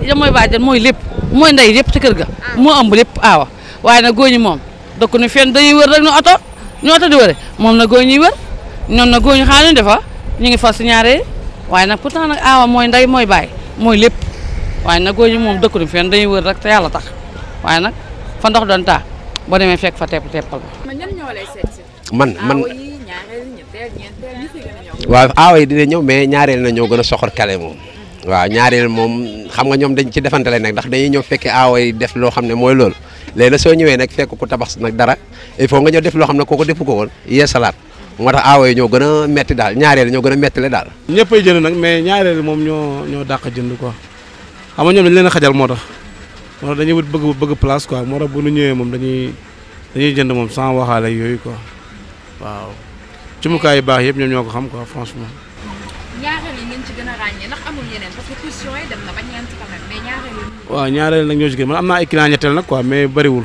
ja mooy waajal mooy lépp mooy ndey lépp ci kër ga ah. moo ëmb lépp ah aawa waaye na góoñi moom dëkk nu fenn dañuy wër rek nu oto ñu oto di wëre moom na góoñuy wër ñoom na gooñu xaa ñu defa ñu ngi fas si ñaare waaye nag pourtant nag ah aawa mooy nday mooy baay mooy lépp waaye na gooñu moom dëkk nu fenn dañuy wër rek te yàlla tax waaye nag fa ndox doon boo demee fekk fa tepp teppal man man waaw aawa ah yi dina ñëw mais ñaareel na ñoo gën a soxor kale moom waaw ñaareel moom xam nga ñoom dañ ci defante la nag ndax dañuy ñëw fekkee aawa ah yi def loo xam ne mooy loolu léegi nag soo ñëwee nag fekk ku tabax nag dara il faut nga ñëw def loo xam ne kooku defu ko woon yee salaat moo tax aawa ah yi ñoo gën a metti daal ñaareel ñoo gën a metti la daal ñëppay jënd nag mais ñaareel moom ñoo ñoo dàq jënd ko xam nga ñoom dañ leen xajal moo tax moo tax dañuy wut bëgg place quoi moo tax bu ñu ñëwee moom dañuy dañuy jënd moom sans waxaale yooyu ko waaw jumukaay yu baax yëpp ñoom ñoo ko xam quoi franchement. ñaarel yi ngeen ci gën a ràññee amul yeneen parce que position dem na ba ñeent quand même mais ñaareel yi. waaw ñaareel ñoo ci gën man ay client quoi mais bariwul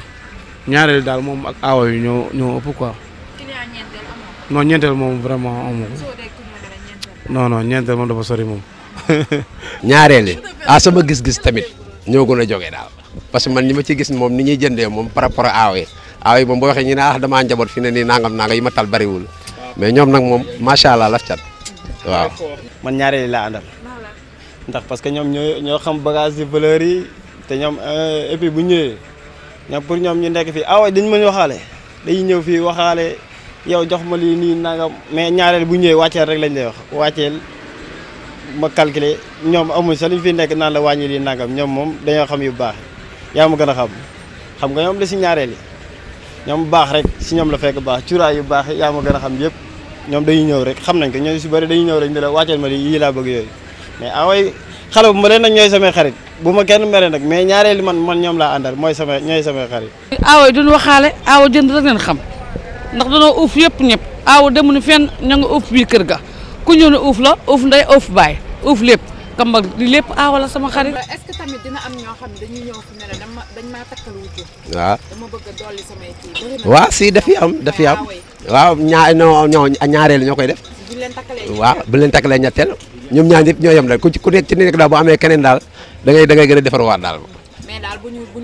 ñaareel daal ak aawa yi ñoo ñoo ëpp quoi. client non ñeenteel mom ah, gis-gis tamit ñoo gis mom ni par rapport ah dama fi ne nangam nanga ma bariwul mais ñoom nag moom macha allah laf cat waaw. man ñaareel yi laa àndal ndax parce que ñoom ñoo ñoo xam bagage yi valeur yi te ñoom euh, et puis bu ñëwee ñoom pour ñoom ñu nekk fii ah dañ dañu waxaale dañuy ñëw fii waxaale yow jox ma lii nii nangam mais ñaareel bu ñëwee wàcceel rek lañ lay wax wàcceel ma calculer ñoom amuñ sax liñ fi nekk naan la wàññi lii nangam ñoom moom dañoo xam yu baax yaa ma gën a xam xam nga ñoom la si ñaareel yi ñoom baax rek si ñoom la fekk baax cuuraay yu baax yaa ma gën a xam yëpp. ñoom dañuy ñëw rek xam nañ ko ñooy si bëri dañuy ñëw rek di la wàcceel ma li yii laa bëgg yooyu mais away ah xale bu ma leen nag ñooy samay xarit bu ma kenn mere nag mais ñaareeli man man ñoom laa àndal mooy samay ñooy samay xarit aawo duñu waxaale aawo jënd rek leen xam ndax danoo uuf yëpp ñëpp aawo demuñu fenn ña nga uuf biir kër ga ku ñëw ne uuf la uuf ndey uuf baay uuf lépp kambal li lépp aawala ah, sama xarit. est-ce ah. si dafi am dafi yam ah, waa ñaar ñoo ñoo ñaareel ñoo koy def. buñ leen takkalee waaw buñ ñetteel ñoom ñaar ñëpp ñoo yem daal ku ci ku nekk ci nekk daal boo amee keneen daal dangay ngay gën a defar waat daal. mais daal bu ñu ñoo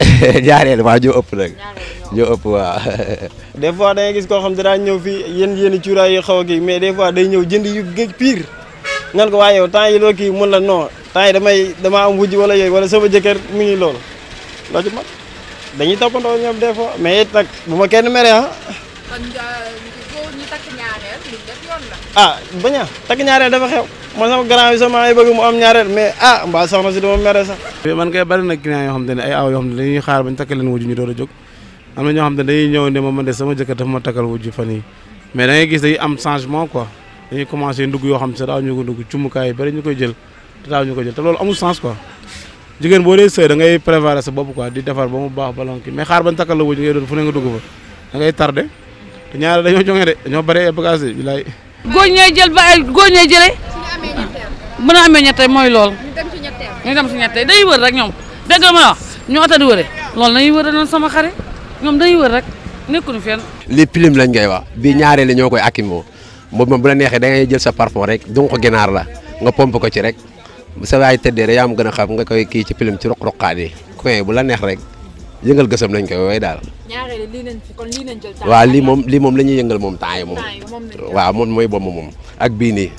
ëpp. ñaareelu ëpp nag. ñoo ëpp waaw. des fois da gis koo xam ne daa ñëw fii yenn yenn cuuraay yu xaw a kii mais des day ñëw jënd yu géej pire nga ne waaye yow temps yi kii mun la non temps yi damay damaa am wujj wala wala sama jëkkër mi lool loolu loo ci man dañuy toppandoo ñoom des fois mais it nag ma kenn mere ah. kon góor ñi takk ñaareel ah, a dafa xew man sama grand bi sama ay bëgg mu am ñaareel mais ah mbaa soxna si dama mere sax. man kay bari na client yoo xam ne ay aw dañuy xaar bañ takk leen wujj ñu door a jóg am na ñoo xam ne dañuy ñëw ne ma man de sama jëkkër dafa ma takkal wujj fan yi mais da ngay gis day am changement quoi. dañuy commencé ndugg yoo xam ne sax daaw ñu ko ndugg cumukaay yi bari ñu koy jël te daaw ñu ko jël te loolu amul sens quoi jigéen boo dee sëy da ngay préparer sa bopp quoi di defar ba mu baax bala nga kii mais xaar ba takkal la wuj ngay doon fu nga dugg fa da ngay tardé te ñaare dañoo joŋee de dañoo bari ay bagages yi bilaay góor ñooy jël ba góor ñooy jëlee bu na amee ñetteel mooy loolu ñu dem si day wër rek ñoom dégg nga ma wax ñu ata di wëre loolu nañuy wër noonu sama xare ñoom dañuy wër rek nekkuñu fenn li lañ ngay wax bi ñaaree la ñoo koy akimoo mbot bu la nexé da ngay jël sa parfum rek ko ginaar la nga pompe ko ci rek sa way teddé rek yam gëna xam nga koy ki ci film ci rok rok xadi coin bu la nex rek yëngal gëssam lañ koy way daal ñaareel li nañ ci kon li nañ jël wa li mom li mom la ñuy yëngal mom temps yi moom mom moom mooy bomb ak bi ni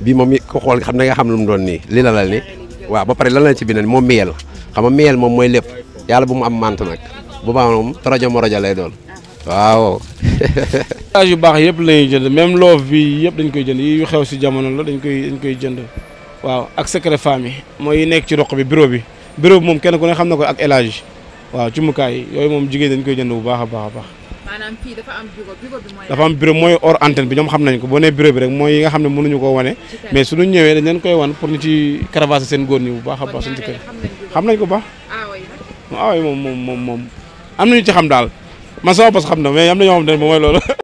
bi mom ko xol xam na nga xam lu mu doon nii li la la ni wa ba paré lan la ci bi mom miel xam nga miel mom moy lepp yalla bu mu am mant nak bu baax mom rajo mo rajo lay doon waaw. yu baax yëpp lañuy jënd même loof bi yëpp dañ koy jënd yu xew si jamono la dañ koy dañ koy jënd waaw ak secret famille yi mooy nekk ci roq bi bureau bi bureau moom kenn ku xam na ko ak élage waaw cumukaay yooyu moom jigéen dañ koy jënd bu baax a baax a baax. dafa am bureau bi mooy. dafa am bureau antenne bi ñoom xam nañ ko boo nee bureau bi rek mooy yi nga xam ne mënuñu koo wane. mais suñu ñëwee dañ leen koy wan pour ñu ci caravage seen góor ñi bu baax a baax. seen ci kër xam nañ ko baax. Ah ah moom moom moom moom am nañu ci xam daal man sama bopp xam na mais am na ñoo xam ne moom mooy loolu.